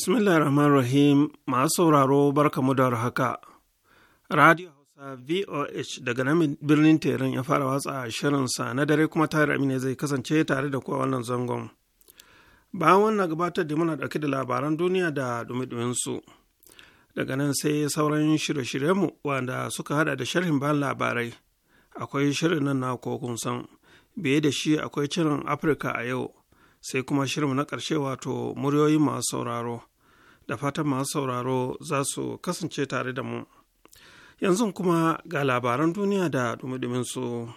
Bismillah rahman rahim masu sauraro barkamu da haka. Radio Hausa VOH daga nan birnin Teran ya fara watsa shirinsa na dare kuma tare ne zai kasance tare da kuwa wannan zangon. Bayan wannan gabatar da muna ɗauke da labaran duniya da dumi su. Daga nan sai sauran shirye-shiryenmu wanda suka hada da sharhin bayan labarai. Akwai shirin nan na kokun san. Biye da shi akwai shirin Afirka a yau. sai kuma shirinmu na ƙarshe wato muryoyi masu sauraro da fatan masu sauraro za su kasance tare da mu yanzu kuma ga labaran duniya da dumudiminsu. su.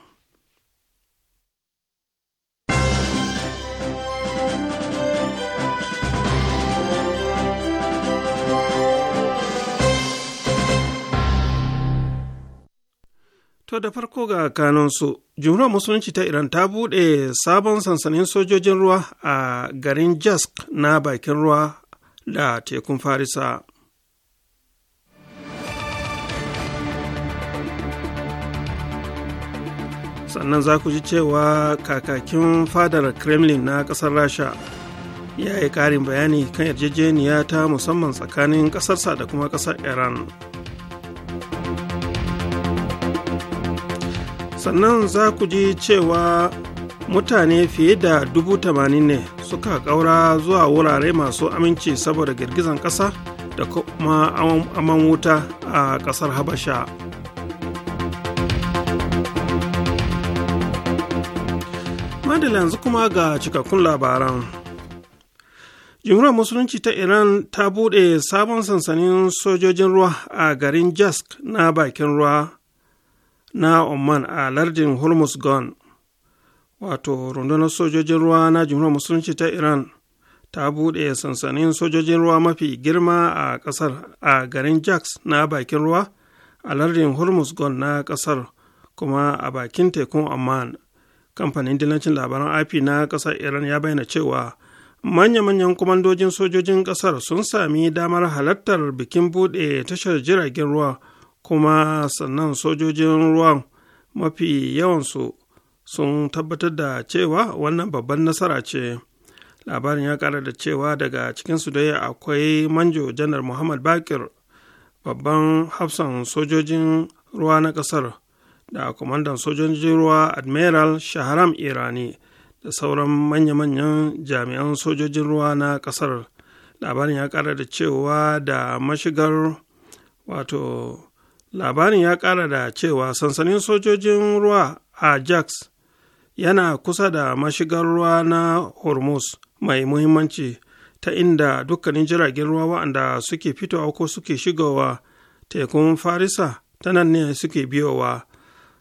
To da farko ga kanansu, jumhuriyar musulunci ta Iran ta buɗe sabon sansanin sojojin ruwa a garin Jask na bakin ruwa da tekun farisa sannan za ku ji cewa kakakin fadar kremlin na ƙasar rasha ya yi ƙarin bayani kan yarjejeniya ta musamman tsakanin ƙasarsa da kuma ƙasar iran sannan za ku ji cewa mutane fiye da dubu tamanin ne suka ƙaura zuwa wurare masu aminci saboda girgizan ƙasa da kuma aman wuta a ƙasar habasha madala yanzu kuma ga cikakkun labaran jimhuriyar musulunci ta iran ta buɗe sabon sansanin sojojin ruwa a garin jask na bakin ruwa na oman a lardin gone wato rundunar sojojin ruwa na jimhuriyar musulunci ta iran ta buɗe sansanin sojojin ruwa mafi girma a ƙasar a garin jax na bakin ruwa a lardin hormuzgon na ƙasar kuma a bakin tekun amman kamfanin dillancin labaran ip na ƙasar iran ya bayyana cewa manya-manyan kwamandojin sojojin ƙasar sun sami damar halartar bikin buɗe tashar jiragen ruwa kuma sannan sojojin ruwan mafi yawansu sun tabbatar da cewa wannan babban nasara ce labarin ya kara da cewa daga cikinsu dai akwai manjo janar muhammad bakir babban hafsan sojojin ruwa na kasar da kwamandan sojojin ruwa admiral shaharam irani da sauran manya-manyan jami'an sojojin ruwa na kasar labarin ya kara da cewa da mashigar wato labarin ya kara da cewa sansanin sojojin ruwa a jacks yana kusa da mashigar ruwa na hormuz mai muhimmanci ta inda dukkanin jiragen ruwa waɗanda suke fitowa ko suke shigowa tekun farisa ta nan ne suke biyowa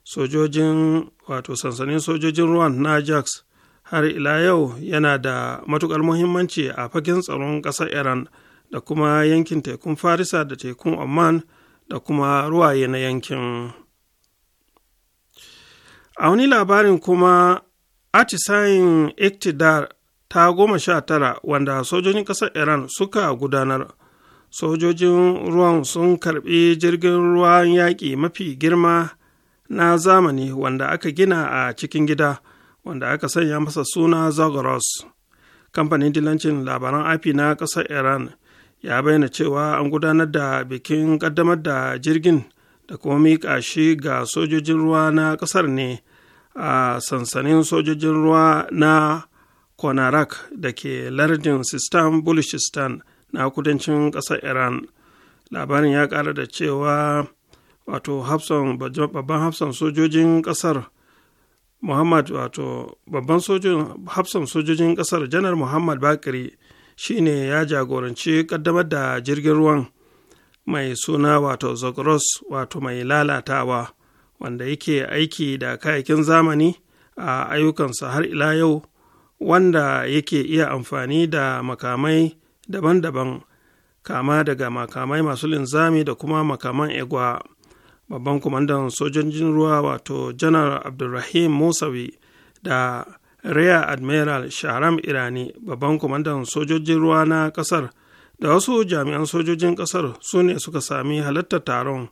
sojojin wato sansanin sojojin ruwan na jax har ila yau yana da matukar muhimmanci a fagen tsaron ƙasar iran da kuma yankin tekun farisa da tekun oman da kuma ruwaye na yankin. a wani labarin kuma atisayin iktidar ta goma sha tara wanda sojojin ƙasar iran suka gudanar sojojin ruwan sun karɓi jirgin ruwan yaƙi mafi girma na zamani wanda aka gina a cikin gida wanda aka sanya masa suna zagros kamfanin dilancin labaran afi na ƙasar iran ya bayyana cewa an gudanar da bikin ƙaddamar da jirgin da kuma miƙa shi ga sojojin ruwa na ƙasar ne a sansanin sojojin ruwa na konarak da ke lardin sistan bulishistan na kudancin ƙasar iran labarin ya ƙara da cewa wato babban hafsan sojojin ƙasar muhammad wato babban hafsan sojojin ƙasar janar muhammad bakiri shine ya jagoranci ƙaddamar da jirgin ruwan mai suna wato Zogros wato mai lalatawa wanda yake aiki da kayakin zamani a ayyukansa har ila yau wanda yake iya amfani da makamai daban-daban kama daga makamai masu linzami da kuma makaman egwa babban kwamandan sojojin ruwa wato janar abdulrahim musawi da rear admiral sharam irani babban kwamandan sojojin ruwa na kasar da wasu jami'an sojojin kasar su ne suka sami halartar taron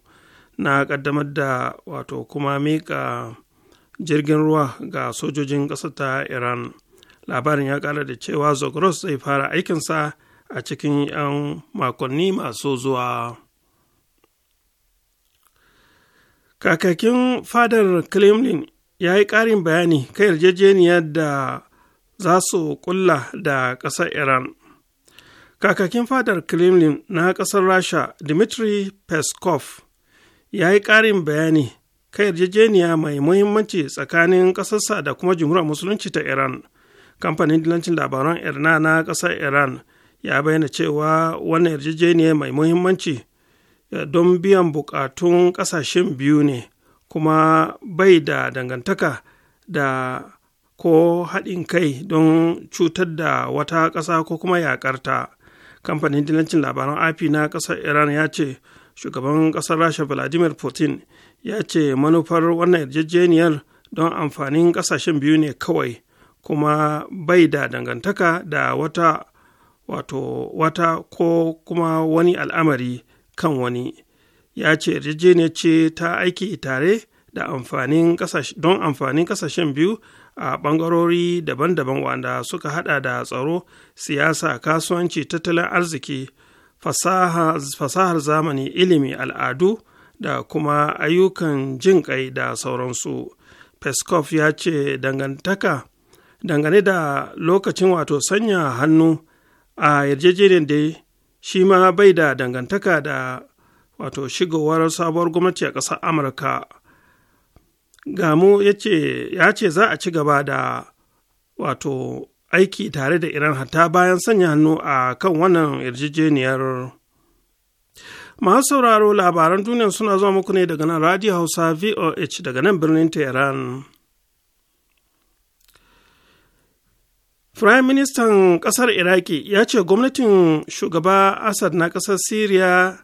na kaddamar da wato kuma miƙa jirgin ruwa ga sojojin ƙasar ta iran labarin ya ƙara da cewa zogros zai fara aikinsa a cikin 'yan makonni masu zuwa kakakin fadar kremlin ya yi ƙarin bayani kan yarjejeniyar da za su kulla da ƙasar iran kakakin fadar kremlin na kasar rasha dmitry peskov ya yi ƙarin bayani kan yarjejeniya mai muhimmanci tsakanin ƙasarsa da kuma jumhuriyar musulunci ta iran kamfanin dilancin labaran irna na kasar iran ya bayyana cewa wannan yarjejeniya mai muhimmanci eh, don biyan buƙatun ƙasashen biyu ne kuma bai da dangantaka da ko haɗin kai don cutar da wata ƙasa ko kuma yaƙarta kamfanin dilancin labaran api na ƙasar iran ya ce shugaban ƙasar rasha vladimir putin ya ce manufar wannan yarjejeniyar don amfanin ƙasashen biyu ne kawai kuma bai da dangantaka da wata wato wata ko kuma wani al'amari kan wani ya ce yarjejeniyar ce ta aiki tare don amfanin kasashen biyu a ɓangarori daban-daban wanda suka hada da tsaro siyasa kasuwanci tattalin arziki fasahar zamani ilimi al'adu da kuma ayyukan jin ƙai da sauransu peskov ya ce dangantaka dangane da lokacin wato sanya hannu a yarjejeniyar da shi ma bai da dangantaka da wato shigowar sabuwar gwamnati a ƙasar amurka gamu ya ce za a ci gaba da wato aiki tare da iran hatta bayan sanya hannu a kan wannan yarjejeniyar masu sauraro labaran duniya suna zuwa muku ne daga nan radio hausa voh daga nan birnin tehran Firayim Ministan ƙasar Iraki ya ce gwamnatin shugaba Assad na ƙasar Siriya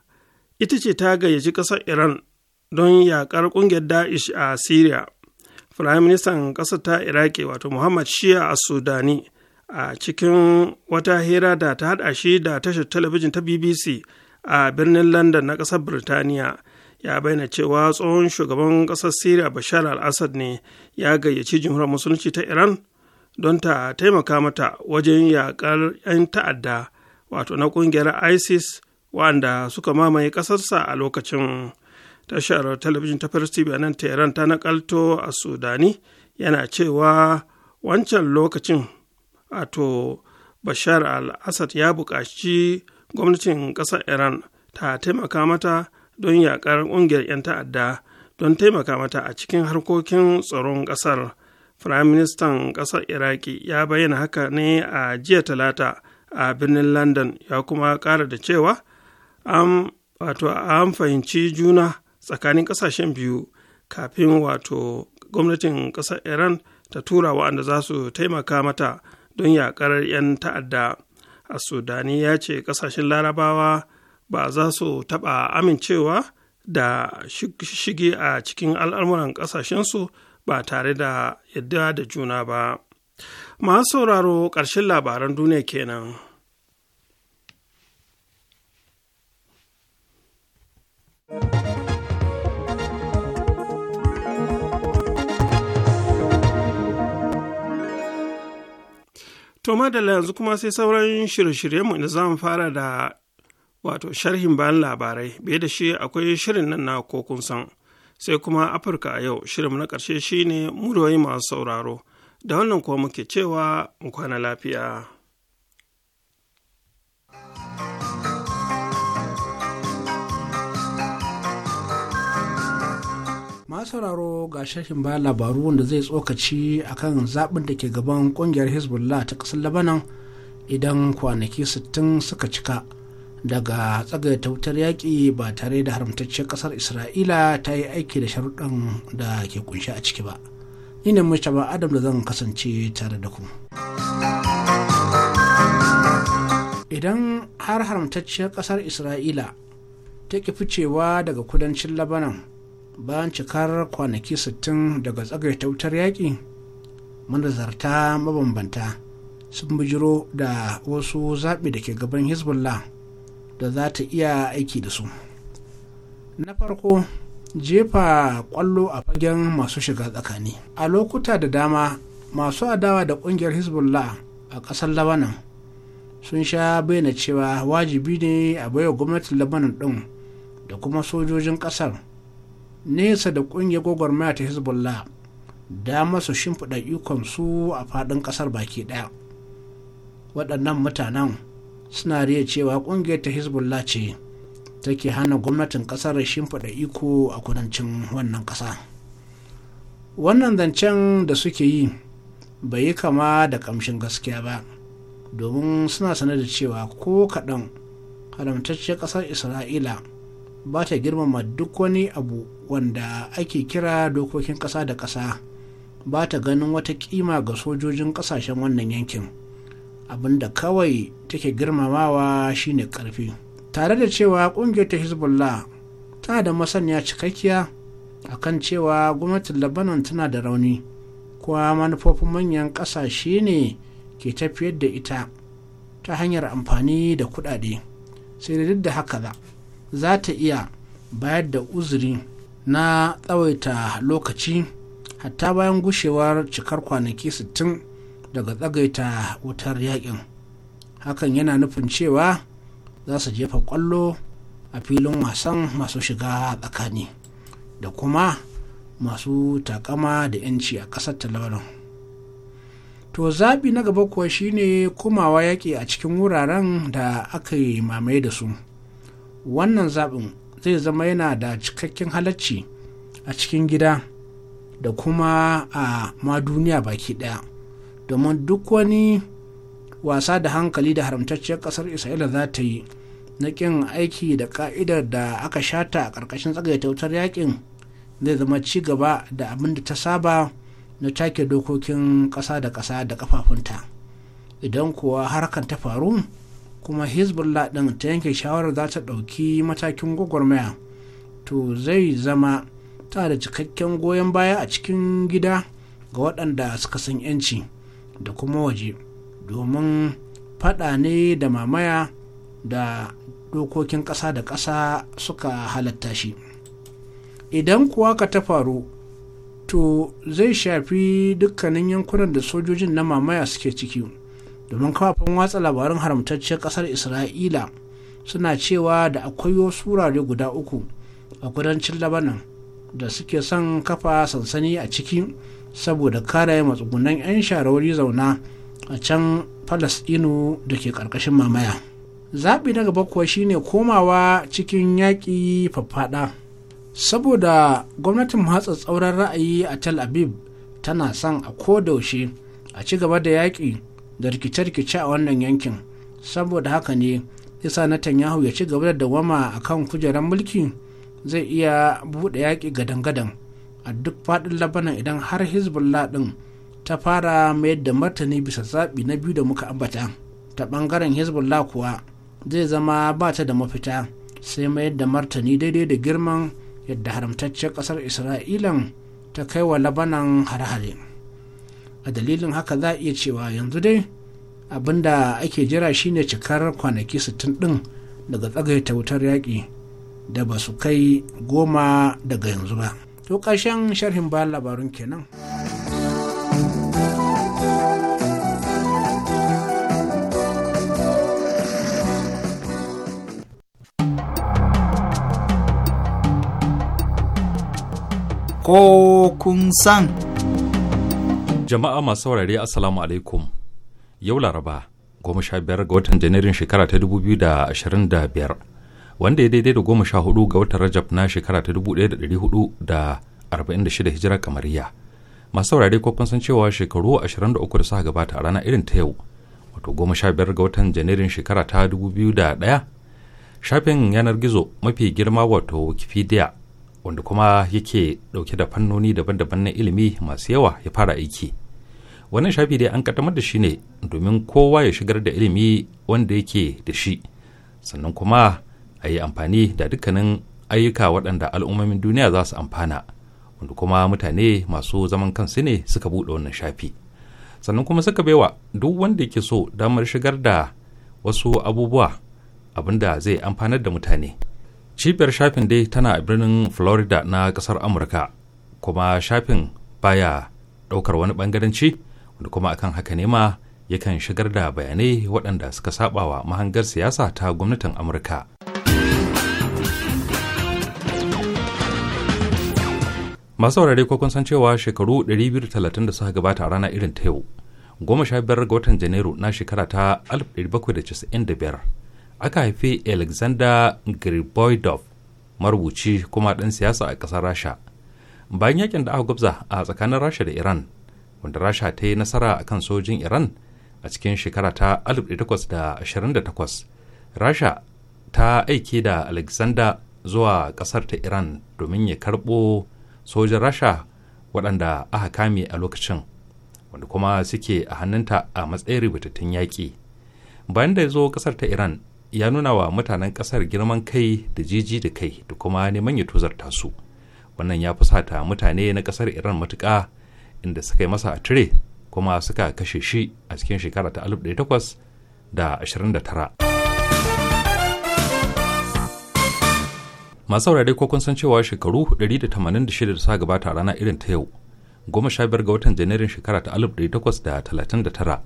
ita ce ta gayyaci ƙasar Iran don yaƙar ƙungiyar Da'ish a Siriya. Firaministan ƙasar ta Iraki wato Muhammad Shia a Sudani a cikin wata hira da ta haɗa shi da tashar talabijin ta BBC a birnin London na ƙasar Birtaniya ya bayyana cewa tsohon shugaban ƙasar Siriya Bashar al-Assad ne ya gayyaci jimhuriyar musulunci ta Iran don ta taimaka mata wajen yaƙar 'yan ta'adda wato na ƙungiyar ISIS wanda suka mamaye ƙasarsa a lokacin. tashar talabijin ta Paris TV a nan Tehran ta nakalto a Sudani yana cewa wancan lokacin ato Bashar al-Assad ya buƙaci gwamnatin ƙasar Iran ta taimaka mata don yaƙar ƙungiyar 'yan ta'adda don taimaka mata a cikin harkokin tsaron ƙasar. Firaministan ƙasar Iraki ya bayyana haka ne a jiya talata a birnin London ya kuma ƙara da cewa an fahimci juna tsakanin ƙasashen biyu kafin wato gwamnatin ƙasar iran ta tura wa'anda za su taimaka mata don yaƙar 'yan ta'adda a sudani ya ce ƙasashen larabawa ba za su taɓa amincewa da shige a cikin al'amuran ƙasashensu ba tare da yadda da juna ba masu sauraro ƙarshen labaran duniya kenan. thank you To madalla yanzu kuma sai sauran shirye-shiryenmu da za mu fara da wato sharhin bayan labarai, biye da shi akwai shirin nan na kokun san. Sai kuma Afirka a yau shirin na ƙarshe shine muroyi masu sauraro, da wannan kuwa muke cewa mu kwana lafiya. sauraro ga shahin bayan labaru wanda zai tsokaci a kan zaɓin da ke gaban ƙungiyar hezbollah ta ƙasar labanan idan kwanaki 60 suka cika daga tsagaita wutar yaƙi ba tare da haramtacciyar ƙasar isra'ila ta yi aiki da sharuɗan da ke kunshi a ciki ba ni ne mustapha adam da zan kasance tare da ku idan har haramtacciyar ƙasar isra'ila ta ki ficewa daga kudancin labanan bayan cikar kwanaki 60 daga tsagaita wutar yaƙi manazarta mabambanta sun bijiro da wasu zaɓi da ke gaban hezbollah da za ta iya aiki da su na farko jefa ƙwallo a fagen masu shiga tsakani a lokuta da dama masu adawa da ƙungiyar hezbollah a ƙasar labanan sun sha bayyana cewa wajibi ne a baiwa gwamnatin labanan ɗin da kuma sojojin ƙasar nesa da ƙungiyar gwagwarmaya ta hezbollah dama su shimfiɗa ikonsu a faɗin ƙasar baki ɗaya waɗannan mutanen suna riya cewa ƙungiyar ta hezbollah ce take hana gwamnatin ƙasar shimfiɗa iko a kudancin wannan ƙasa wannan zancen da suke yi bai yi kama da ƙamshin gaskiya ba domin suna sanar da cewa ko kaɗan haramtacciyar ƙasar isra'ila ba ta girmama duk wani abu wanda ake kira dokokin ƙasa da ƙasa ba ta ganin wata kima ga sojojin ƙasashen wannan yankin abin da kawai take girmamawa shine ƙarfi tare da cewa ƙungiyar ta hezbollah tana da masaniya cikakkiya a kan cewa gwamnatin labanon tana da rauni kuma manufofin manyan ƙasashe ne ke tafiyar da ita ta hanyar amfani da kuɗaɗe sai da duk da haka za za ta iya bayar da uzuri na tsawaita lokaci hatta bayan gushewar cikar kwanaki 60 daga tsagaita wutar yakin hakan yana nufin cewa za su jefa kwallo a filin wasan masu shiga tsakani da kuma masu takama da 'yanci a ƙasar talabarin to zaɓi na gaba kuwa shine komawa yaƙi a cikin wuraren da aka yi mamaye da su wannan zaɓin zai zama yana da cikakken halacci a cikin gida da kuma a ma duniya baki ɗaya domin duk wani wasa da hankali da haramtacciyar ƙasar isra'ila za ta yi na ƙin aiki da ƙa'idar da aka shata a ƙarƙashin tsagaita wutar yakin zai zama ci gaba da abin da ta saba na take dokokin ƙasa da ƙasa da ƙafafunta idan kuwa harkan ta faru kuma hezbollah ɗin ta yanke shawarar za ta ɗauki matakin gwagwarmaya to zai zama ta da cikakken goyon baya a cikin gida ga waɗanda suka san 'yanci da kuma waje domin faɗa ne da mamaya da dokokin ƙasa da ƙasa suka halatta shi idan kuwa ka ta faru to zai shafi dukkanin yankunan da sojojin na mamaya suke ciki. domin kafafen watsa labarin haramtacciyar kasar isra'ila suna cewa da akwai wasu wurare guda uku a kudancin labanan da suke son kafa sansani a ciki saboda kare matsugunan 'yan sharawari zauna a can falasɗinu da ke ƙarƙashin mamaya zaɓi na gaba kuwa shine komawa cikin yaƙi faffaɗa saboda gwamnatin matsa tsauran ra'ayi a tel aviv tana son a kodaushe a ci gaba da yaƙi da rikice-rikice a wannan yankin saboda haka ne isa Netanyahu ya ci gaba da dawama a kan kujerar mulki zai iya buɗe yaƙi gadan-gadan a duk faɗin labanan idan har hezbollah ɗin ta fara mayar da martani bisa zaɓi na biyu da muka ambata ta ɓangaren hezbollah kuwa zai zama ba ta da mafita sai mayar da martani daidai da girman yadda haramtaccen ƙasar isra'ilan ta kai wa labanan hare-hare. a dalilin haka za a iya cewa yanzu dai abin da ake jira shine cikar kwanaki 60 din daga tsagaita wutar yaƙi da ba su kai goma daga yanzu ba to ƙarshen sharhin bayan labarun kenan. ko kun san. jama'a masu saurare assalamu alaikum yau laraba goma sha biyar ga watan janairun shekara ta dubu biyu da ashirin da biyar wanda ya daidai da goma sha hudu ga watan rajab na shekara ta dubu ɗaya da ɗari hudu da arba'in da shida hijira kamariya masu saurare ko kun san cewa shekaru ashirin da uku da suka gabata a rana irin ta yau wato goma sha biyar ga watan janairun shekara ta dubu biyu da ɗaya shafin yanar gizo mafi girma wato wikipedia wanda kuma yake dauke da fannoni daban-daban na ilimi masu yawa ya fara aiki wannan shafi dai an kaddamar da shi ne domin kowa ya shigar da ilimi wanda yake da shi sannan kuma a yi amfani da dukkanin ayyuka waɗanda al'ummomin duniya za su amfana wanda kuma mutane masu zaman kansu ne suka buɗe wannan shafi sannan kuma suka baiwa duk wanda yake so damar shigar da wasu abubuwa abinda zai amfanar da mutane cibiyar shafin dai tana a birnin florida na kasar amurka kuma shafin baya daukar wani bangaranci wanda kuma akan haka ne ma yakan shigar da bayanai waɗanda suka sabawa mahangar siyasa ta gwamnatin amurka masu saurare ko kun san cewa shekaru 230 da suka gabata a rana irin ta yau goma sha biyar ga watan janairu na shekara ta 1795 aka haifi alexander griboidov marubuci kuma ɗan siyasa a ƙasar rasha bayan yakin da aka gwabza a tsakanin rasha da iran wanda rasha ta yi nasara a kan sojin iran a cikin shekara ta 1828 rasha ta aiki da alexander zuwa ƙasar ta iran domin ya karɓo sojin rasha waɗanda aka kame a lokacin wanda kuma suke a hannunta a matsayin rubutattun yaƙi bayan da ya zo ƙasar ta iran ya nuna wa mutanen kasar girman kai da jiji da kai da kuma neman ya tozarta su wannan ya fusata mutane na kasar iran matuka inda suka yi masa a tire kuma suka kashe shi a cikin shekara ta 1829 masu saurare ko kun san cewa shekaru 186 da sa gabata rana irin ta yau goma sha biyar ga watan janairun shekara ta 1839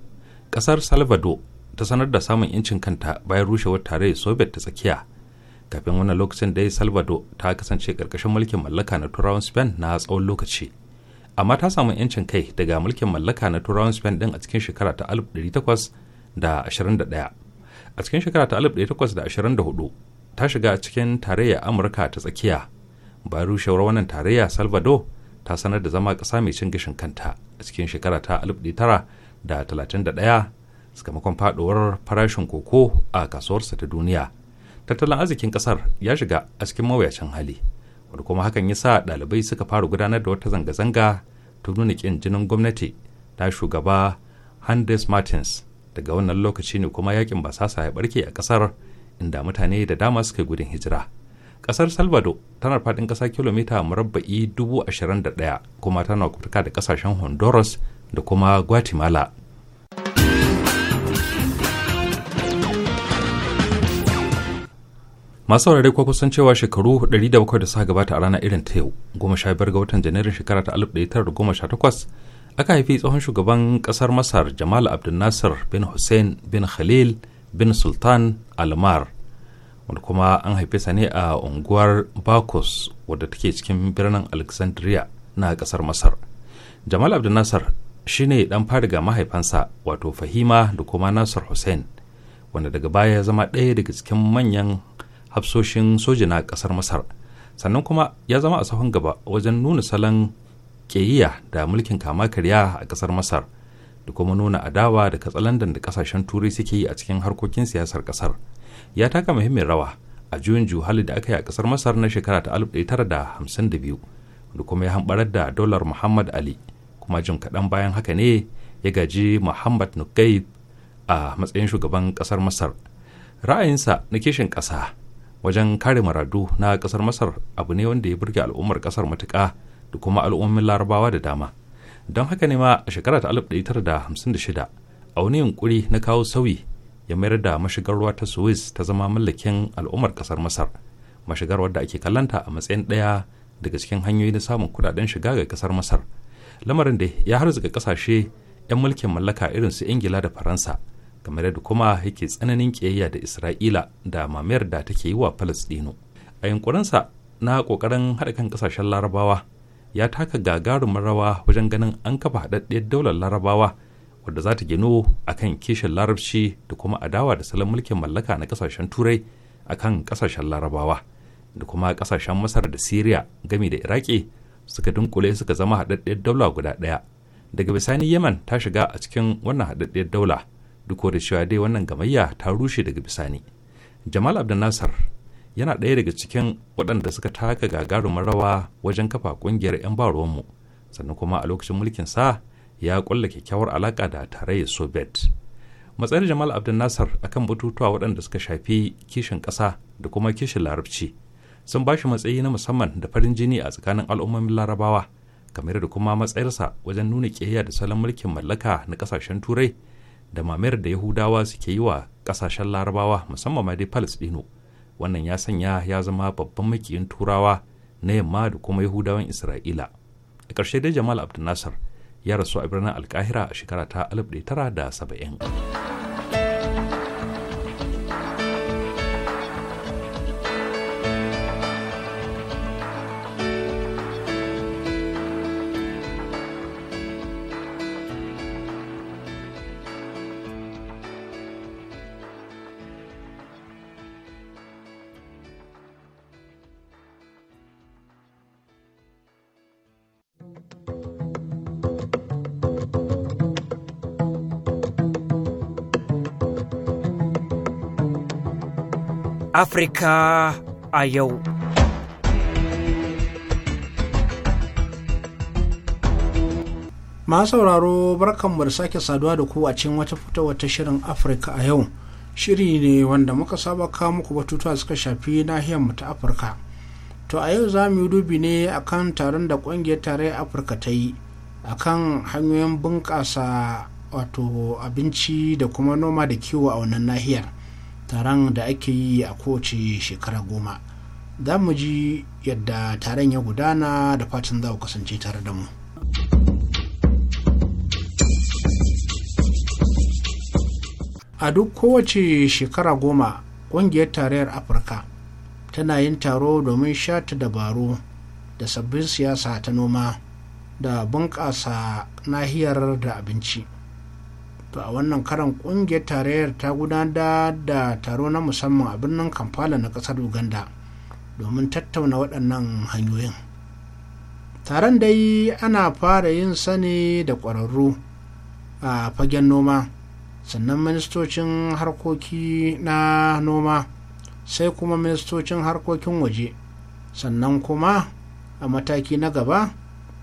kasar salvador ta sanar da samun yancin kanta bayan rushewar tarayyar soviet ta tsakiya kafin wannan lokacin dai salvador ta kasance karkashin mulkin mallaka na turawan spain na tsawon lokaci amma ta samu yancin kai daga mulkin mallaka na turawan spain din a cikin shekara ta 1821 a cikin shekara ta 1824 ta shiga cikin tarayyar amurka ta tsakiya bayan rushewar wannan tarayya salvador ta sanar da zama ƙasa mai cin gashin kanta a cikin shekara ta 1931 sakamakon faduwar farashin koko a kasuwarsa ta duniya tattalin arzikin kasar ya shiga a cikin mawuyacin hali wanda kuma hakan ya sa ɗalibai suka fara gudanar da wata zanga-zanga ta nuna ƙin jinin gwamnati ta shugaba handes martins daga wannan lokaci ne kuma yakin basasa ya barke a kasar inda mutane da dama suka gudun hijira kasar salvador tana faɗin ƙasa kilomita murabba'i 21 kuma tana kutuka da kasashen honduras da kuma guatemala masu saurare ko kusan cewa shekaru 107 da suka gabata a ranar irin ta yau goma sha biyar ga watan janairun shekara ta alif goma sha takwas aka haifi tsohon shugaban kasar masar jamal abdul nasir bin hussein bin khalil bin sultan almar wanda kuma an haife sa ne a unguwar bakus wadda take cikin birnin alexandria na kasar masar jamal abdul nasir shine dan fariga mahaifansa wato fahima da kuma nasir hussein wanda daga baya ya zama ɗaya daga cikin manyan hafsoshin soja na ƙasar masar sannan kuma ya zama a sahun gaba wajen nuna salon ƙeyiya da mulkin kama karya a ƙasar masar da kuma nuna adawa da katsalandan da ƙasashen turai suke yi a cikin harkokin siyasar ƙasar ya taka muhimmin rawa a juyin juhali da aka yi a ƙasar masar na shekara ta 1952 da kuma ya hambarar da dolar muhammad ali kuma jin kaɗan bayan haka ne ya gaji muhammad nukaib a matsayin shugaban ƙasar masar ra'ayinsa na kishin ƙasa wajen kare maradu na kasar masar abu ne wanda ya burge al'ummar kasar matuka da kuma al'ummin larabawa da dama don haka ne ma a shekara ta 1956 a wani yunkuri na kawo sauyi ya mayar da mashigar ruwa ta suez ta zama mallakin al'ummar kasar masar mashigar wadda ake kallanta a matsayin ɗaya daga cikin hanyoyi na samun kuɗaɗen shiga ga kasar masar lamarin da ya harzuka kasashe 'yan mulkin mallaka irin su ingila da faransa kamar yadda kuma yake tsananin ƙiyayya da isra'ila da mamayar da take yi wa falastino a yunkurinsa na ƙoƙarin haɗa kan ƙasashen larabawa ya taka gagarumin rawa wajen ganin an kafa haɗaɗɗiyar daular larabawa wadda za ta gino a kan kishin larabci da kuma adawa da salon mulkin mallaka na ƙasashen turai a kan ƙasashen larabawa da kuma ƙasashen masar da siriya gami da iraki suka dunkule suka zama haɗaɗɗiyar daula guda ɗaya daga bisani yemen ta shiga a cikin wannan haɗaɗɗiyar daula duk da cewa dai wannan gamayya ta rushe daga bisani jamal abdulnasar yana ɗaya daga cikin waɗanda suka taka gagarumin rawa wajen kafa ƙungiyar 'yan baruwanmu sannan kuma a lokacin mulkin sa ya ƙulla kyakkyawar alaƙa da tarayyar soviet matsayar jamal abdulnasar akan batutuwa waɗanda suka shafi kishin ƙasa da kuma kishin larabci sun ba shi matsayi na musamman da farin jini a tsakanin al'ummomin larabawa kamar da kuma matsayarsa wajen nuna ƙiyayya da salon mulkin mallaka na ƙasashen turai da mamayar da yahudawa suke yi wa kasashen larabawa musamman ma dai dino wannan ya sanya ya zama babban makiyin turawa na yamma da kuma yahudawan isra'ila a ƙarshe dai jamal nasar ya rasu a birnin alkahira a shekara ta 1970 Afirka a yau. Masu sauraro barkanmu da sake saduwa da ku a cikin wata fita wata shirin Afirka a yau. Shiri ne wanda muka saba kawo muku batutuwa suka shafi nahiyar mu ta Afirka. To a yau za mu yi dubi ne akan taron da ƙungiyar tarayyar Afirka ta yi akan hanyoyin bunƙasa wato abinci da kuma noma da kiwo a wannan nahiyar. taron da ake yi a kowace shekara goma za mu ji yadda taron ya gudana da fatan za ku kasance tare da mu a duk kowace shekara goma ƙungiyar tarayyar afirka tana yin taro domin shata dabaru da sabbin siyasa ta noma da bunƙasa nahiyar da abinci to a wannan karan kungiyar tarayyar ta gudanar da taro na musamman a birnin kampala na kasar uganda domin tattauna waɗannan hanyoyin taron dai ana fara yin sani da ƙwararru a fagen noma sannan ministocin harkoki na noma sai kuma ministocin harkokin waje sannan kuma a mataki na gaba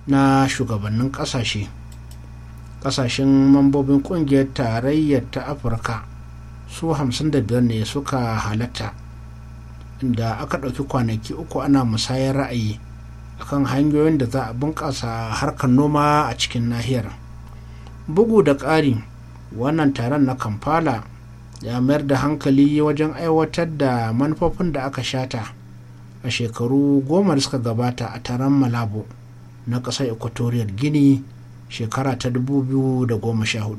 na shugabannin ƙasashe. kasashen mambobin kungiyar tarayyar ta afirka su 55 ne suka halatta inda aka ɗauki kwanaki uku ana musayar ra'ayi akan hanyoyin da za a bunƙasa harkar noma a cikin nahiyar bugu da ƙari wannan taron na kampala ya mayar da hankali wajen aiwatar da manufofin da aka shata a shekaru goma da suka gabata a taron malabo na ƙasar equatorial guinea shekara ta 2014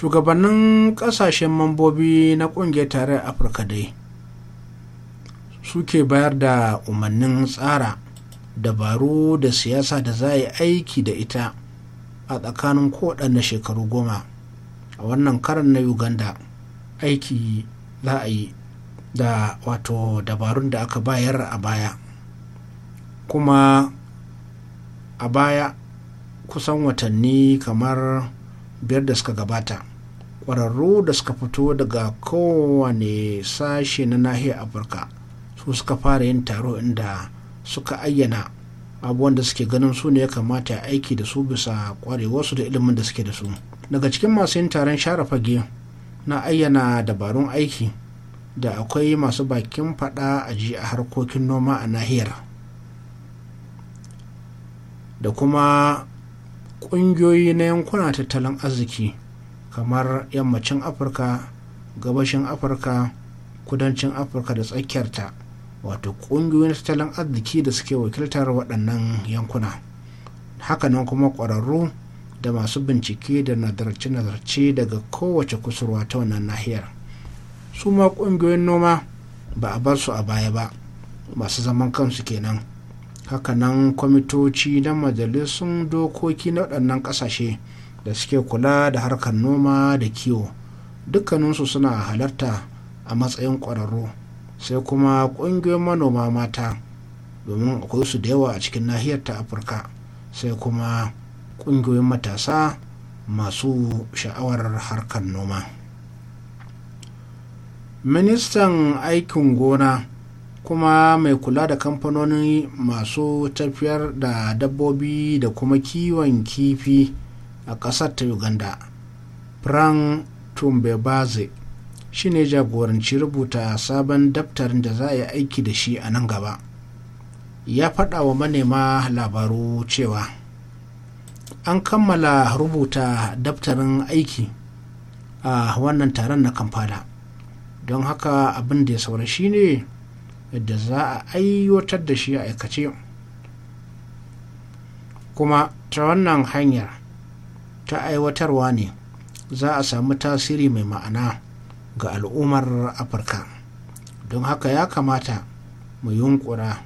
shugabannin kasashen mambobi na kungiyar tarayyar afirka dai suke bayar da umarnin tsara dabaru da siyasa da za a yi aiki da ita a tsakanin kowaɗanne shekaru goma a wannan karan na uganda aiki za a yi da wato dabarun da aka bayar a baya kuma a baya kusan watanni kamar biyar da suka gabata ƙwararru da suka fito daga kowane sashe na nahiyar afirka su suka fara yin taro inda suka ayyana abubuwan da suke ganin su ne ya kamata ya aiki da su bisa ƙwarewarsu da ilimin da suke da su daga cikin masu yin taron share fage na ayyana dabarun aiki da akwai masu bakin fada a ji a harkokin noma a nahiyar da kuma ƙungiyoyi na yankuna tattalin arziki kamar yammacin afirka gabashin afirka kudancin afirka da tsakiyarta wato ƙungiyoyin tattalin arziki da suke wakiltar waɗannan yankuna hakanan kuma ƙwararru da masu bincike da nazarce-nazarce daga kowace kusurwa ta wannan nahiyar su ma ƙungiyoyin noma ba a bar su a baya ba masu zaman kansu kenan hakanan kwamitoci na majalisun dokoki na waɗannan ƙasashe da suke kula da harkar noma da kiwo dukkaninsu suna halarta a matsayin ƙwararru sai kuma ƙungiyoyin manoma mata domin akwai su da yawa a cikin nahiyar ta afirka sai kuma ƙungiyoyin matasa masu sha'awar harkar noma ministan aikin gona kuma mai kula da kamfanoni masu tafiyar da dabbobi da kuma kiwon kifi a ƙasar ta uganda frank tumbebaze shi ne jagoranci rubuta sabon daftarin da za a yi aiki da shi a nan gaba ya faɗa wa manema labaru cewa an kammala rubuta daftarin aiki a wannan taron na kamfada don haka abin da ya saura shine ne yadda za a aiwatar da shi a aikace kuma ta wannan hanyar ta aiwatarwa ne za a samu tasiri mai ma'ana ga al'ummar afirka don haka ya kamata mu yunkura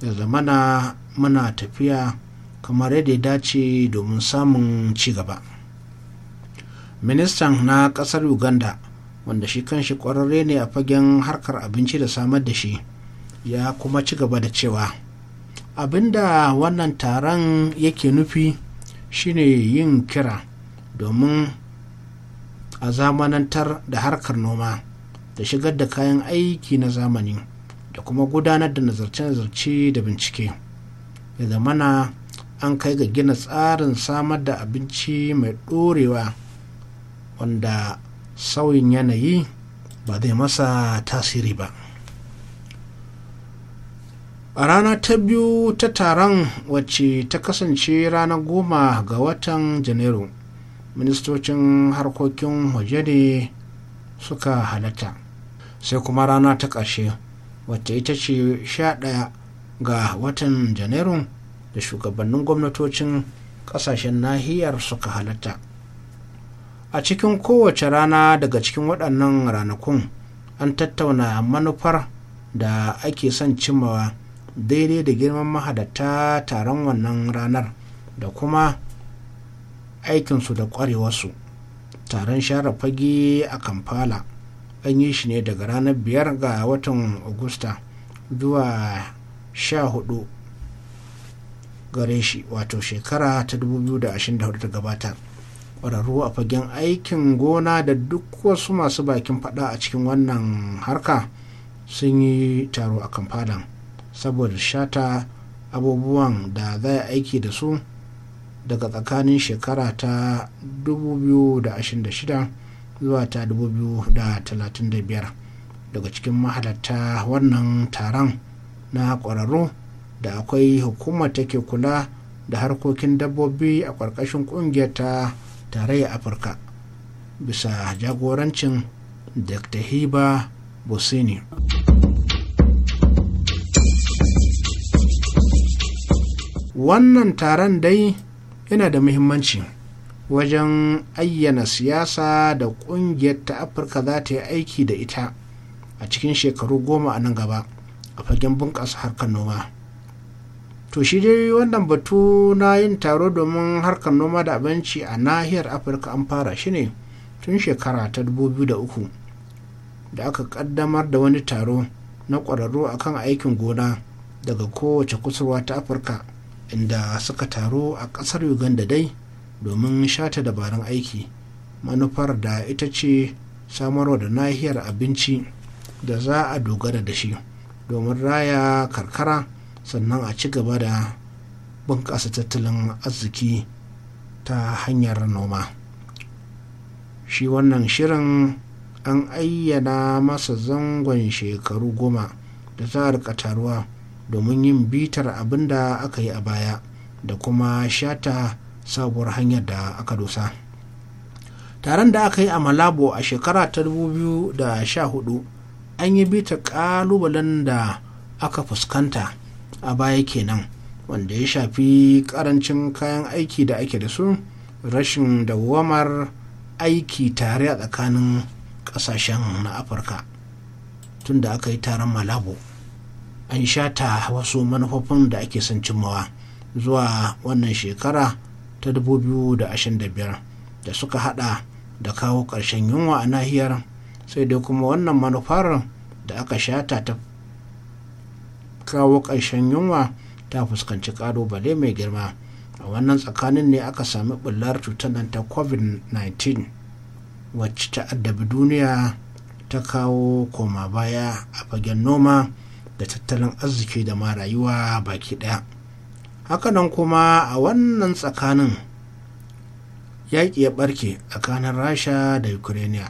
da zamana muna tafiya kamar yadda ya dace domin samun ci gaba ministan na kasar uganda wanda shi kanshi kwararre ne a fagen harkar abinci da samar da shi ya kuma ci gaba da cewa abinda wannan taron yake nufi shine yin kira domin a zamanantar da harkar noma da shigar da kayan aiki na zamani da kuma gudanar da nazarce-nazarce da bincike ya zamana an kai ga gina tsarin samar da abinci mai ɗorewa wanda sauyin yanayi ba zai masa tasiri ba a rana ta biyu ta taron wacce ta kasance rana goma ga watan janairu ministocin harkokin waje ne suka halatta sai kuma rana ta ƙarshe wacce ita ce sha ɗaya ga watan janairu da shugabannin gwamnatocin ƙasashen nahiyar suka halatta a cikin kowace rana daga cikin waɗannan ranakun an tattauna manufar da ake son cimawa daidai da girman mahadatta taron wannan ranar da kuma aikinsu da kwarewarsu taron share fage a kampala an yi shi ne daga ranar biyar ga watan agusta zuwa sha hudu gare shi wato shekara ta 2024 ta gabata kwararru a fagen aikin gona da duk wasu masu bakin fada a cikin wannan harka sun yi taro a kampala. saboda shata abubuwan da za a aiki da su daga tsakanin shekara ta 2026 zuwa ta 2035 daga cikin mahalarta wannan taron na kwararru da akwai hukumar take kula da harkokin dabbobi a ƙarƙashin ƙungiyar ta tarayya afirka bisa jagorancin dr hiba busini wannan taron dai yana da muhimmanci wajen ayyana siyasa da ƙungiyar ta afirka za ta yi aiki da ita a cikin shekaru goma a nan gaba a fagen bunƙasa harkar noma to shi dai wannan batu na yin taro domin harkar noma da abinci a nahiyar afirka an fara shi ne tun shekara ta 2003 da aka kaddamar da wani taro na ƙwararru akan aikin gona daga kowace kusurwa ta afirka inda suka taru a ƙasar uganda dai domin shata dabarun aiki manufar da ita ce samarwa da nahiyar abinci da za a dogara da shi domin raya karkara sannan a ci gaba da bunƙasa tattalin arziki ta hanyar noma shi wannan shirin an ayyana masa zangon shekaru goma da za a taruwa domin yin bitar abin da aka yi a baya da kuma shata sabuwar hanyar da aka dosa taron da aka yi a malabo a shekara ta 2014 an yi bita ƙalubalen da aka fuskanta a baya kenan wanda ya shafi karancin kayan aiki da ake da su rashin dawamar aiki tare a tsakanin kasashen na afirka tun da aka yi taron malabo an shata wasu manufofin da ake son cimmawa zuwa wannan shekara ta 2025 da suka hada da kawo ƙarshen yunwa a nahiyar sai dai kuma wannan manufar da aka shata ta kawo ƙarshen yunwa ta fuskanci ƙalubale mai girma a wannan tsakanin ne aka sami bullar cutar nan ta covid-19 wacce ta addabi duniya ta kawo koma baya a fagen noma da tattalin arziki da ma rayuwa baki ɗaya hakanan kuma a wannan tsakanin yaƙi ya ɓarke tsakanin rasha da ukraine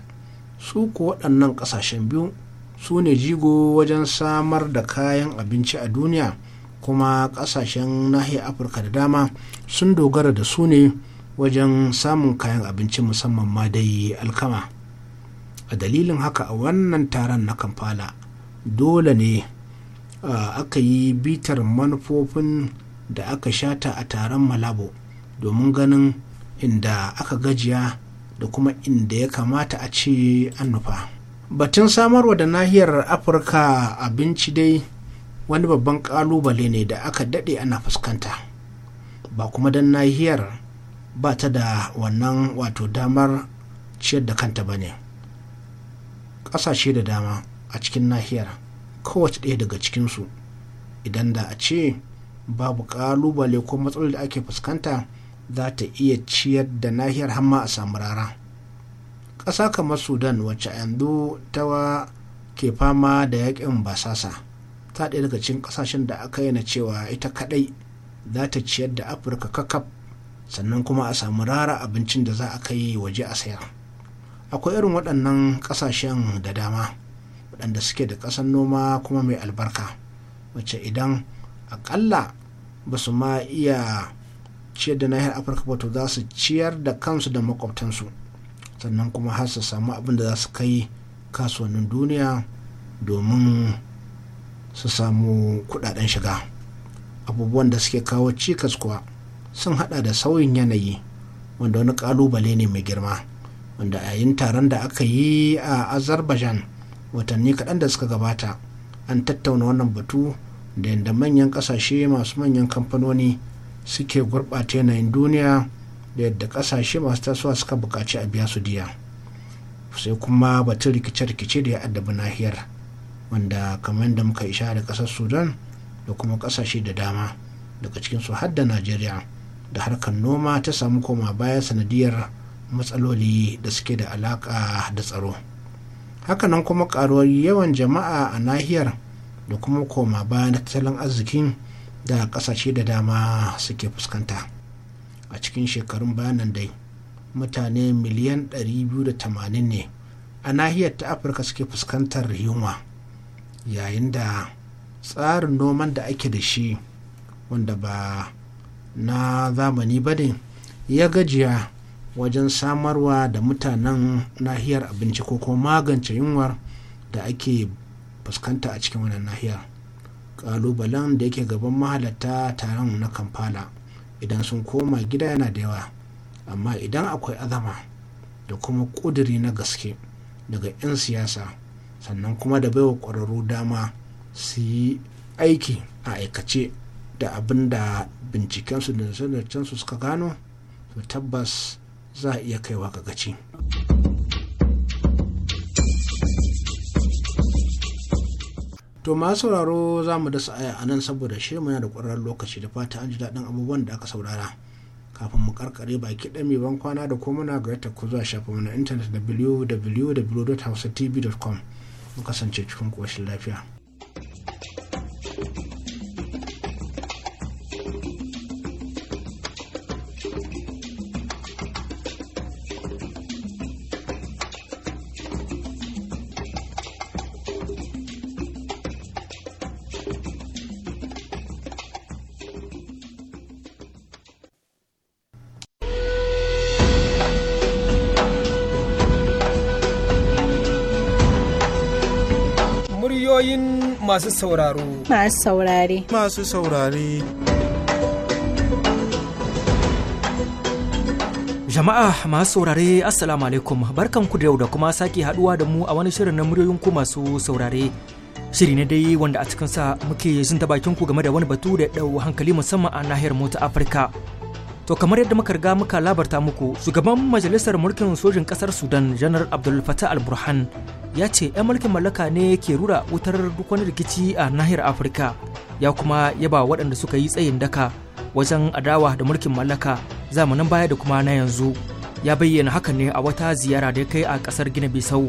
su ko waɗannan ƙasashen biyu su ne jigo wajen samar da kayan abinci a duniya kuma ƙasashen nahiyar afirka da dama sun dogara da su ne wajen samun kayan abinci musamman ma dai alkama a dalilin haka a wannan taron na kamfala dole ne aka yi bitar manufofin da aka shata a taron malabo domin ganin inda aka gajiya da kuma inda ya kamata a ce an nufa batun samarwa da nahiyar afirka abinci dai wani babban kalubale ne da aka daɗe ana fuskanta ba kuma don nahiyar ba ta da wannan wato damar ciyar da kanta ba ne ƙasashe da dama a cikin nahiyar kowace ɗaya daga cikinsu idan da a ce babu ƙalubale ko matsalar da ake fuskanta za ta iya ciyar da nahiyar hamma a samu rara ƙasa kamar sudan wacce yanzu tawa ke fama da yaƙin basasa ta ɗaya daga cikin ƙasashen da aka yana cewa ita kaɗai za ta ciyar da afirka kakaf sannan kuma a samu rara abincin da za a kai waje a sayar akwai irin waɗannan ƙasashen da dama waɗanda suke da ƙasar noma kuma mai albarka wacce idan aƙalla ba su ma iya ciyar da nahiyar afirka ba to za su ciyar da kansu da makwabtansu sannan kuma har su samu abin da za su kai kasuwannin duniya domin su samu kuɗaɗen shiga abubuwan da suke kawo cikas kuwa sun haɗa da sauyin yanayi wanda wani ƙalubale ne mai girma wanda yayin taron da aka yi a azerbaijan watanni kaɗan da suka gabata an tattauna wannan batu da yadda manyan ƙasashe masu manyan kamfanoni suke gurɓata yanayin duniya da yadda ƙasashe masu tasowa suka buƙaci a biya su diya sai kuma batun rikice-rikice da ya addabi nahiyar wanda kamar yadda muka isha da ƙasar sudan da kuma ƙasashe da dama daga cikinsu har da najeriya da harkar noma ta samu koma baya sanadiyar matsaloli da suke da alaƙa da tsaro. hakanan kuma karuwar yawan jama'a a nahiyar da kuma koma bayan tattalin arzikin da kasashe da dama suke fuskanta a cikin shekarun bayanan dai mutane miliyan 280 ne a nahiyar ta afirka suke fuskantar yunwa yayin da tsarin noman da ake da shi wanda ba na zamani ba ne ya gajiya wajen samarwa da mutanen nahiyar abinci ko kuma magance yunwar da ake fuskanta a cikin wannan nahiyar kalubalen da yake gaban mahalarta taron na kampala idan sun koma gida yana da yawa amma idan akwai azama da kuma kuduri na gaske daga 'yan siyasa sannan kuma da baiwa kwararru dama su yi aiki a aikace da abin da bincikensu da sanarcensu suka gano to tabbas za a iya kaiwa ga gaci. To masu sauraro za mu dasa aya a nan saboda shirin yana da ƙwararren lokaci da fata an ji daɗin abubuwan da aka saurara. Kafin mu karkare baki ɗan mai ban kwana da ko muna ga ta ku zuwa shafin na intanet www.hausatv.com mu kasance cikin ƙoshin lafiya. thank you masu sauraro. Masu saurare. Masu saurare. Jama'a masu saurare Assalamu alaikum barkanku da yau da kuma sake haduwa da mu a wani shirin na muryoyin masu saurare. Shiri ne dai wanda a cikin sa muke jin ta bakin ku game da wani batu da ɗau hankali musamman a nahiyar mota Afirka. To kamar yadda muka riga muka labarta muku shugaban majalisar mulkin sojin kasar Sudan janar Abdul Fattah al-Burhan ya ce 'yan mulkin mallaka ne ke rura wutar duk wani rikici a nahiyar Afirka ya kuma yaba waɗanda suka yi tsayin daka wajen adawa da mulkin mallaka zamanin baya da kuma na yanzu ya bayyana haka ne a wata ziyara da ya kai a kasar Gina Bisau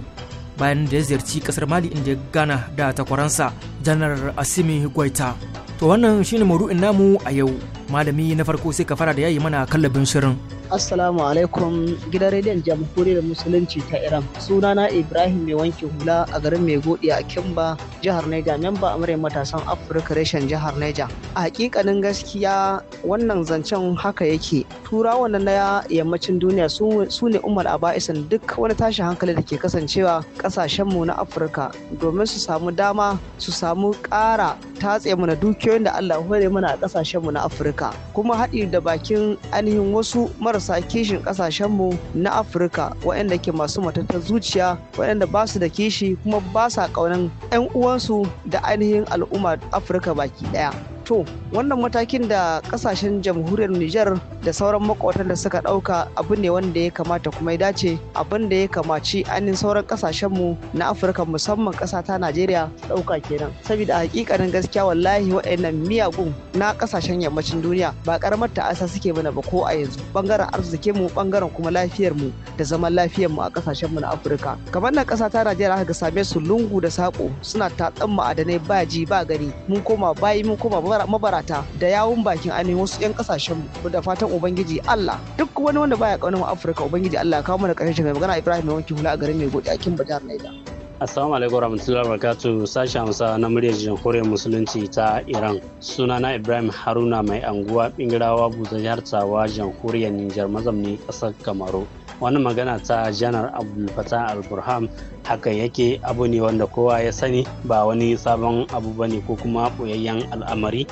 bayan da ya ziyarci kasar Mali inda ya gana da takwaransa janar Asimi Gwaita. To wannan shine maudu'in namu a yau. malami na farko sai ka fara da yayi mana kallabin shirin assalamu alaikum gidan rediyon jamhuriyar musulunci ta iran sunana ibrahim mai wanke hula a garin mai godi a kimba jihar neja memba amurai matasan afirka reshen jihar neja a hakikanin gaskiya wannan zancen haka yake turawa na yammacin duniya su ne umar aba'isan duk wani tashin hankali da ke kasancewa kasashenmu na afirka domin su samu dama su samu ƙara tatse mana dukiyoyin da allah hore mana a kasashen mu na afirka afirka kuma haɗi da bakin ainihin wasu marasa kishin ƙasashenmu na afirka waɗanda ke masu matattar zuciya waɗanda ba su da kishi kuma ba sa ƙaunan 'yan uwansu da ainihin al'ummar afirka baki ɗaya to wannan matakin da kasashen jamhuriyar Nijar da sauran makwatan da suka ɗauka abu ne wanda ya kamata kuma ya dace abin da ya kamaci anin sauran kasashen mu na Afirka musamman kasa ta Najeriya ɗauka kenan saboda hakikanin gaskiya wallahi waɗannan miyagun na kasashen yammacin duniya ba karamar ta'asa suke mana ba ko a yanzu bangaren arzikin mu bangaren kuma lafiyar mu da zaman lafiyar mu a kasashen mu na Afirka kamar nan kasa ta Najeriya aka same su lungu da sako suna tatsan ma'adanai ba ji ba gani mun koma bayi mun koma mabarata da yawun bakin ainihin wasu 'yan kasashen mu da fatan ubangiji Allah duk wani wanda baya kaunar Afirka ubangiji Allah ya kawo mana karshen mai magana Ibrahim mai wanki hula a garin Maigode a Kimba jihar Niger. Assalamu alaikum warahmatullahi wabarakatuh sashen Hausa na muryar jamhuriyar musulunci ta Iran. Sunana Ibrahim Haruna mai anguwa bingirawa buzan jihar jamhuriyar Nijar mazamni kasar Kamaru. wani magana ta janar abdul fatah al-burham hakan yake abu ne wanda kowa ya sani ba wani sabon abu ba ne ko kuma ɓoyayyen al'amari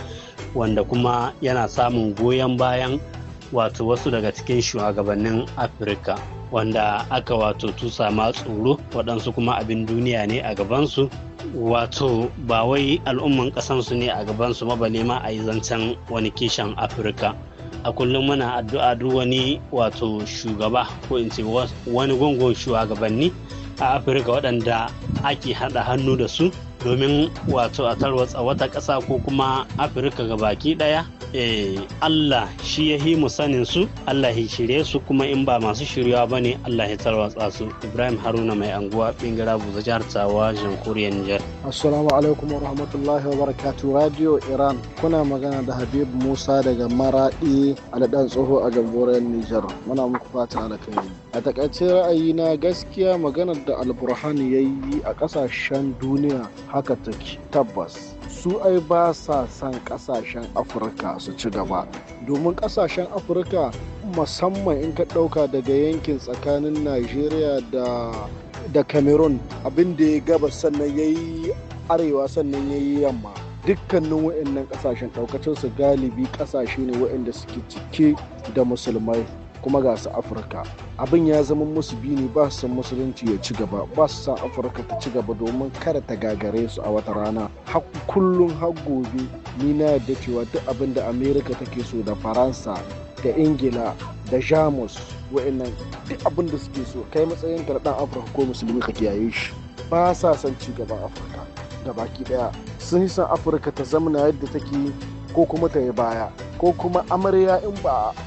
wanda kuma yana samun goyon bayan wato wasu daga cikin shugabannin afirka wanda aka wato tusa ma tsoro waɗansu kuma abin duniya ne a gabansu wato ba wai al'umman ƙasansu ne a gabansu ba nema ma a yi zancen wani kishan afirka a kullum muna addu'a duk wani wato shugaba ko in ce wani gungun shugabanni a afirka waɗanda ake haɗa hannu da su domin wato a tarwatsa wata ƙasa ko kuma afirka ga baki ɗaya eh allah shi ya hi mu su allah ya shirye su kuma in ba masu shiryawa ba ne allah ya tarwatsa su ibrahim haruna mai anguwa bingira buza jihar tawa Jankuriyar niger assalamu alaikum wa rahmatullahi barakatu radio iran kuna magana da habib musa daga maraɗi alaɗan tsoho a jamhuriyar niger muna muku fata alkhairi a takaice ra'ayi na gaskiya maganar da alburhan ya yi a ƙasashen duniya haka take tabbas su ai ba sa son kasashen afirka su ci gaba domin kasashen afirka musamman in ka ɗauka daga yankin tsakanin nigeria da da cameroon abin da ya gaba sannan ya yi arewa sannan ya yi yamma dukkanin waɗannan kasashen ɗaukacinsu galibi ƙasashe ne waɗanda suke cike da musulmai kuma ga su afirka abin ya zama musu bini ba su san musulunci ya ci gaba ba su san afirka ta ci gaba domin kada ta gagare su a wata rana kullum har gobe ni na yadda cewa duk abin da amerika take so da faransa da ingila da jamus wa'annan duk abin da suke so kai matsayin ka dan afirka ko musulmi ka kiyaye shi ba sa son ci gaban afirka da baki daya sun yi san afirka ta zamana yadda take ko kuma ta yi baya ko kuma amarya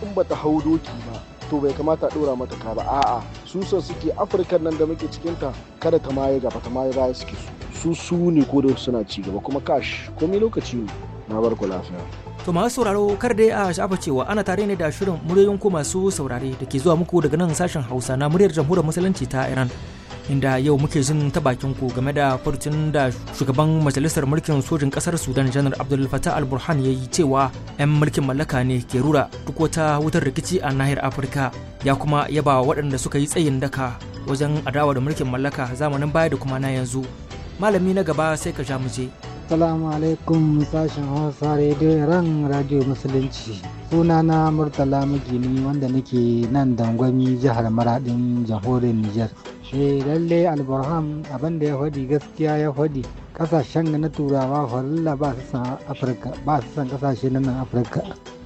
in ba ta hau doki ba to bai kamata a ɗora mata ka ba a'a su san suke afirka nan da muke cikin ta kada ta maye gaba ta maye baya suke su su su ne ko da suna ci gaba kuma kash komai lokaci ne na bar ku lafiya to masu sauraro kar dai a shafa cewa ana tare ne da shirin muryoyin ku masu saurare da ke zuwa muku daga nan sashen hausa na muryar jamhuriyar musulunci ta iran inda yau muke jin ta bakin ku game da furtun da shugaban majalisar mulkin sojin kasar sudan janar abdul fatah al burhan ya yi cewa 'yan mulkin mallaka ne ke rura duk wata wutar rikici a nahiyar afirka ya kuma yaba waɗanda suka yi tsayin daka wajen adawa da mulkin mallaka zamanin baya da kuma na yanzu malami na gaba sai ka ja muje. salamu alaikum sashen Hausa rediyo Ran Radio Musulunci. Sunana Murtala mugini wanda nake nan dangwami jihar Maradin jamhuriyar niger. shi eh, lalle alburham abin da ya faɗi gaskiya ya faɗi kasashen na turawa farilla ba su san afirka ba su san kasashe na nan afirka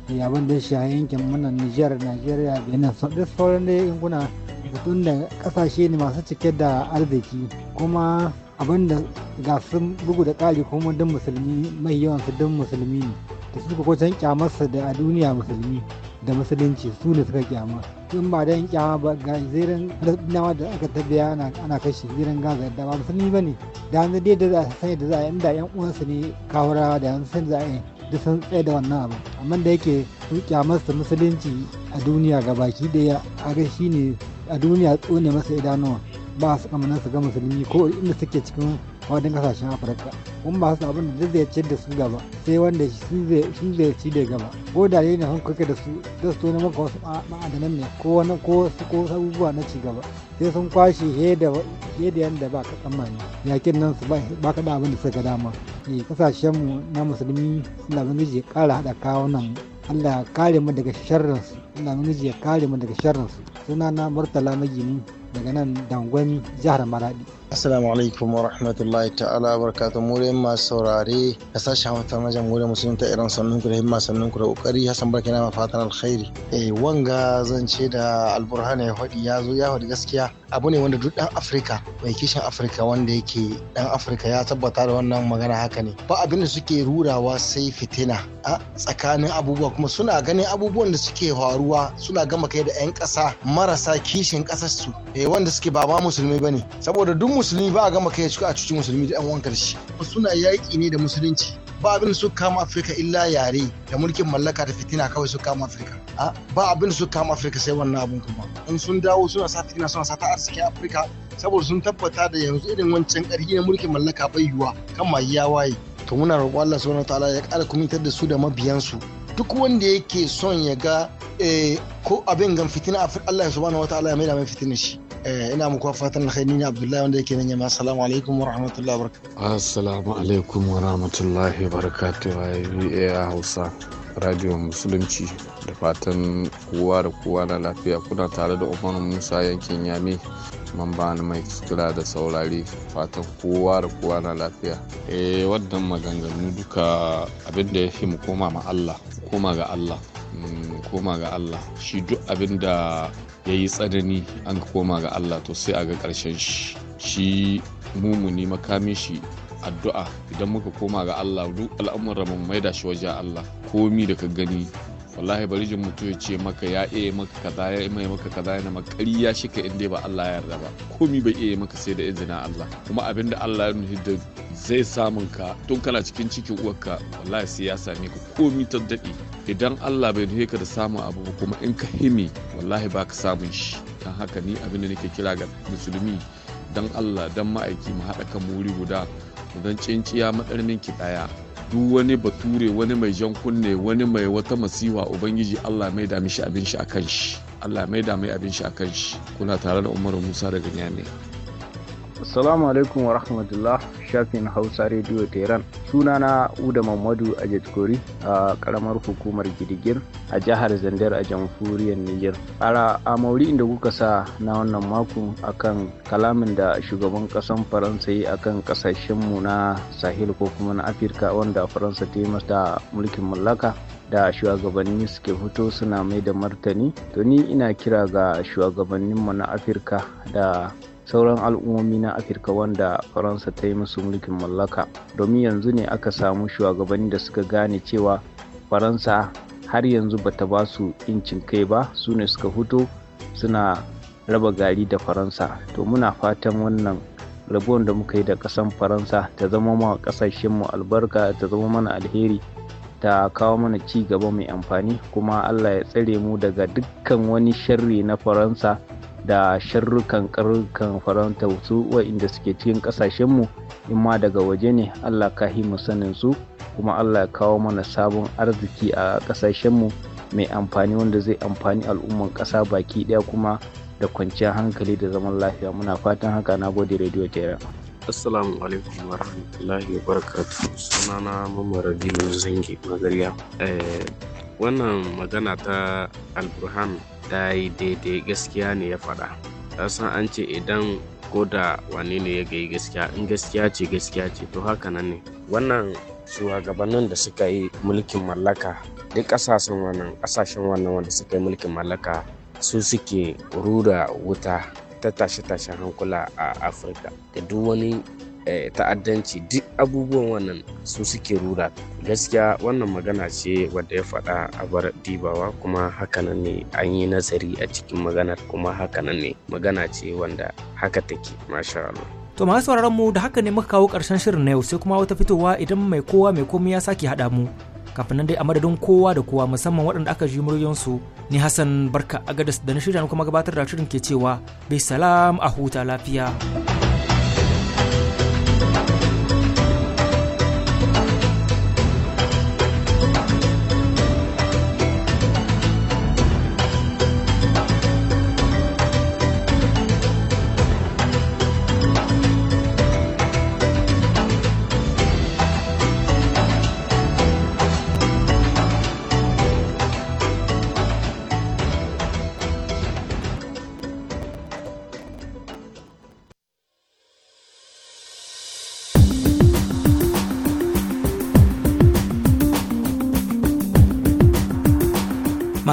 ya eh, abin da shi yankin muna niger nigeria benin duk sauran da kuna. mutum da kasashe ne masu cike da arziki kuma abin da ga sun bugu da ƙari kuma duk musulmi mai yawan su duk musulmi ne da suka kwacin kyamarsa da a duniya musulmi da musulunci su ne suka kyama in ba dan kyama ba ga zirin nawa da aka tabbiya ana kashi zirin gaza da ba musulmi ba ne da an dai da za a sanya da za a inda yan uwansu ne kawarawa da yan san za a yi da sun tsaye da wannan abu amma da yake sun kyamar su musulunci a duniya ga baki daya a ga shi ne a duniya tsone masa idanuwa ba su kamanin su ga musulmi ko inda suke cikin a wajen kasashen afirka kuma ba su abin da zai ciyar da su gaba sai wanda shi zai ci da gaba ko da ne na hankali da su da su tona maka wasu ma'adanan ne ko wani ko abubuwa na ci gaba sai sun kwashe he da yadda ba ka tsammani yakin nan su ba ka abin da suka dama eh, kasashenmu na musulmi suna bangiji ya kara haɗa nan Allah ya kare mu daga su Allah namiji ya kare mu daga sunana Murtala Magini daga nan Dangwani jihar Maradi Assalamu alaikum wa rahmatullahi ta'ala wa barakatuh muryan masu saurare da sashen hamsar na jamhuriyar musulun ta iran sannun ku da himma sannun ku da kokari Hassan na fatan alkhairi. Eh wanga zan ce da alburhan ya faɗi ya zo ya faɗi gaskiya abu ne wanda duk ɗan Afirka mai kishin Afirka wanda yake ɗan Afirka ya tabbata da wannan magana haka ne. Ba abin da suke rurawa sai fitina a tsakanin abubuwa kuma suna ganin abubuwan da suke faruwa suna gama kai da 'yan ƙasa marasa kishin ƙasarsu eh wanda suke ba ba musulmi bane saboda duk musulmi ba a gama kai cika a cikin musulmi da yan wankar shi suna yaƙi ne da musulunci ba abin da su kama afirka illa yare da mulkin mallaka da fitina kawai su kama afirka ba abin da su kama afirka sai wannan abin kuma in sun dawo suna sa fitina suna sa ta arziki afirka saboda sun tabbata da yanzu irin wancan ƙarfi na mulkin mallaka bai yiwa kan ma ya waye to muna roƙo Allah subhanahu ta'ala ya ƙara kumitar da su da mabiyansu duk wanda yake son ya ga eh, ko abin gan fitina Allah subhanahu ta'ala ya maida mai fitina shi Eh, ina muku fatan alkhairi ni Abdullahi wanda yake nan yamma assalamu alaikum wa rahmatullahi wa barakatuh assalamu alaikum wa rahmatullahi wa barakatuh ya Hausa radio musulunci da fatan kowa da kowa na lafiya kuna tare da Umar Musa yankin Yami ba ni mai kira da saurari fatan kowa da kowa na lafiya eh wannan maganganu duka abin da ya fi mu koma ma Allah koma ga Allah mm, koma ga Allah shi duk abin da ya yi tsanani an koma ga Allah to sai a ga ƙarshen shi shi mumuni makamin shi addu'a idan muka koma ga Allah duk al'amuran mu maida shi waje Allah komi da ka gani wallahi bari jin mutum ya ce maka ya iya maka kaza ya mai maka kaza yana makari ya shika in ba Allah ya yarda ba komi bai iya maka sai da izinin Allah kuma abin da Allah ya nuhi zai samun ka tun kana cikin cikin uwarka wallahi sai ya same ka komi ta daɗe idan Allah bai nuhi ka da samun abu kuma in ka himi wallahi ba ka samun shi don haka ni abin da nake kira ga musulmi don Allah dan ma'aiki mu haɗa kan wuri guda don cinciya matsarmin ki ɗaya duk wani bature wani mai jan kunne wani mai wata masiwa ubangiji allah mai da mishi abin shi a kan shi allah mai da mai abin shi a kan shi kuna tare da umaru musa daga nyame Assalamu alaikum wa rahmatullah shafin Hausa Radio Tehran. Sunana Uda Mamadu a Jatkori a karamar hukumar Gidigir a jihar Zandar a jamhuriyar Niger. Ara a mauri inda kuka sa na wannan makon akan kalamin da shugaban kasan Faransa yi akan kasashenmu na Sahel ko kuma na Afirka wanda Faransa ta yi masa mulkin mallaka. da shugabanni suke fito suna mai da martani to ni ina kira ga shugabanninmu na afirka da sauran al'ummomi na afirka wanda faransa ta yi musu mulkin mallaka domin yanzu ne aka samu shugabanni da suka gane cewa faransa har yanzu bata ba su incin kai ba su ne suka fito suna raba gari da faransa to muna fatan wannan rabuwan da muka yi da kasan faransa ta zama ma mu albarka ta zama mana alheri ta kawo mana ci gaba mai amfani kuma allah ya tsare mu daga dukkan wani sharri na faransa da sharrukan karrukan faranta su wa'inda suke cikin ƙasashenmu in ma daga waje ne allah ka mu sanin su kuma allah ya kawo mana sabon arziki a ƙasashenmu mai amfani wanda zai amfani al'umman kasa baki daya kuma da kwanciyar hankali da zaman lafiya muna fatan haka na gode radio tera Assalamu alaikum wa rahmatullahi wa barakatuh. Sunana Mamara Dino Zangi Magariya. Eh, wannan magana ta Alburhan ta yi daidai gaskiya ne ya faɗa san an ce idan ko da wani ne ya gayi gaskiya in gaskiya ce gaskiya ce to haka nan ne wannan shugabannin da suka yi mulkin mallaka duk ƙasashen wannan ƙasashen wannan wanda suka yi mulkin mallaka su suke rura wuta ta tashe-tashen hankula a afirka da duk wani Eh, ta'addanci duk abubuwan wannan su suke rura gaskiya wannan magana ce wadda ya faɗa a bar dibawa kuma hakanan ne an yi nazari a cikin maganar kuma hakanan ne magana ce wanda haka take masha Allah. To masu sauraron mu da haka ne muka kawo karshen shirin na yau sai kuma wata fitowa idan mai kowa mai komai ya sake haɗa mu. Kafin nan dai a madadin kowa da kowa musamman waɗanda aka ji su ni Hassan Barka Agadas da na shirya kuma gabatar da shirin ke cewa bai salam a huta lafiya.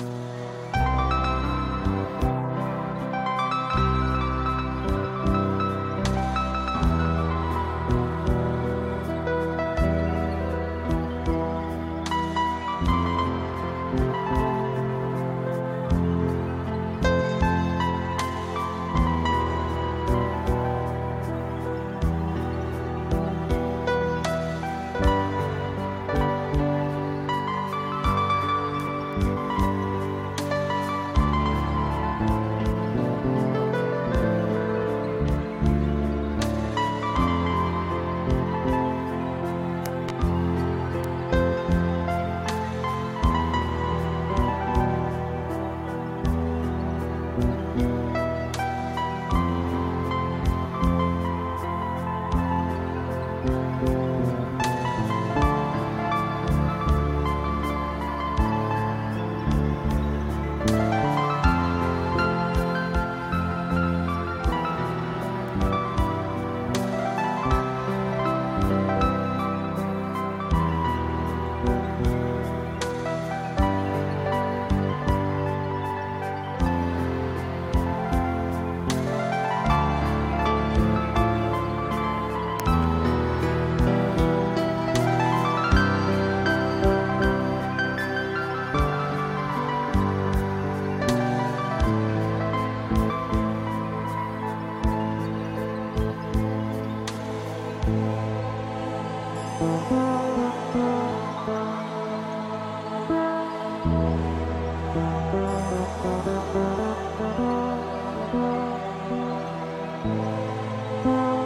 Música